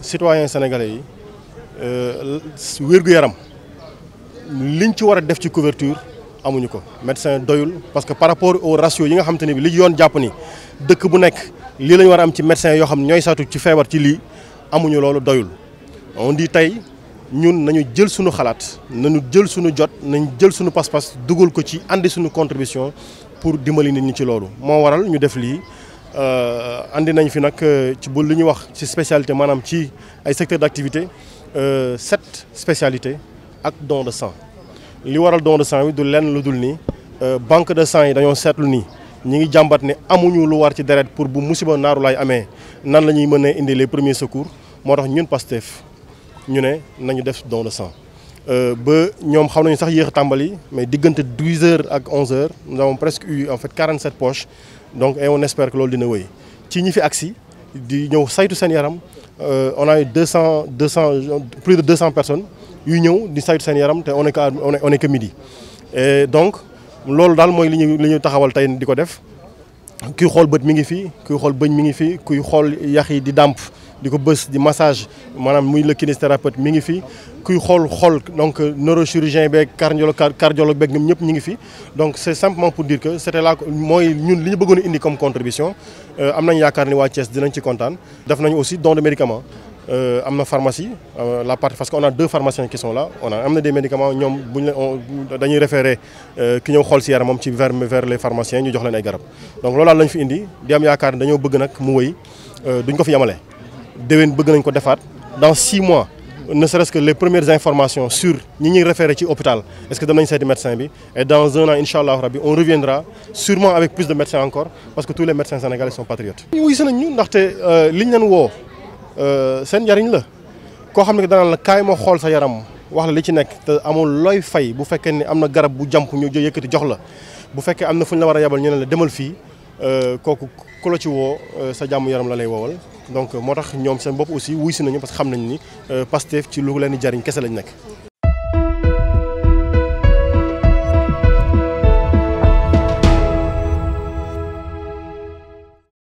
citoyens sénégalais yi euh, wér-gu-yaram liñ ci war def ci couverture amuñu ko médecin doyul parce que par rapport au ratio yi nga xam te ne bi li yoon jàpp ni dëkk bu nekk lii lañ war am ci médecin yoo xam ñooy saatu ci feebar ci lii amuñu loolu doyul on dit tey ñun nañu jël suñu xalaat nañu jël suñu jot nañ jël suñu pas-pas dugal ko ci andi suñu contribution pour dimbali nit ñi ci loolu moo waral ñu def lii euh, andi nañ fi nag euh, ci bu li wax ci spécialité manam ci ay secteur d'activité euh, sept spécialités ak don de sang li waral don de sang bi du lenn lu dul euh banque de sang yi dañu seetlu ni ñi ngi jambat ne amuñu lu war ci deret pour bu musiba naaru lay amé nan lañuy mëne indi les premiers secours motax ñun Pastef ñu ne nañu def don de sang euh, ba ñoom xam sax yéex mais diggante 12 h ak 11 h nous avons presque eu en fait 47 poches donc et on espère que loolu dina wéy ci ñi fi axi, di ñëw saytu seen yaram euh, on a eu 200 200 plus de 200 personnes yu ñëw di saytu seen yaram té on est que on est que midi et donc loolu dal moy li ñu taxawal tey diko def kuy xol beut mi ngi fi kuy xol bëñ mi ngi fi kuy xol yax yi di dàmp di ko di massage maanaam muy le kinésithérapeute mi ngi fi kuy donc neurochirurgien beeg cardiologue cardiologue beeg ñoom ñëpp ngi fi donc c'est simplement pour dire que c'était là moi ñun li ñu indi comme contribution euh, am nañ yaakaar ni waa Thiès dinañ ci def aussi don de médicaments Euh, amna pharmacie euh, la part, parce que on a deux pharmaciens qui sont là on a amené des médicaments ñoom bu la dañuy référé euh, ki ñëw xool si yaramam ci vers vers les pharmaciens ñu jox leen ay garab donc là lañ fi indi di am yaakaar dañoo bëgg nag mu wëy duñ ko fi yemale déwén bëgg nañ ko dans six mois ne serait-ce que les premières informations sur ñi ñuy référé ci hôpital est-ce que dem nañ des médecin bi et dans un an inshallah rabbi on reviendra sûrement avec plus de médecins encore parce que tous les médecins sénégalais sont patriotes. wuyu si nañ ñu ndaxte euh, liñ leen woo euh, seen njariñ la koo que ne danaan la kaay moo xool sa yaram wax la li ci nek te amul looy fay bu fekkee ne am garab bu jamp ñu yëkkati jox la bu fekkee amna fuñ la wara yabal ñu ne la demal fi Euh, kooku ku la ci woo euh, sa jàmm yaram la lay woowal donc moo tax ñoom seen bopp aussi wuy si nañu parce que xam nañ ni euh, Pastef ci lu leen di jariñ kese lañ nekk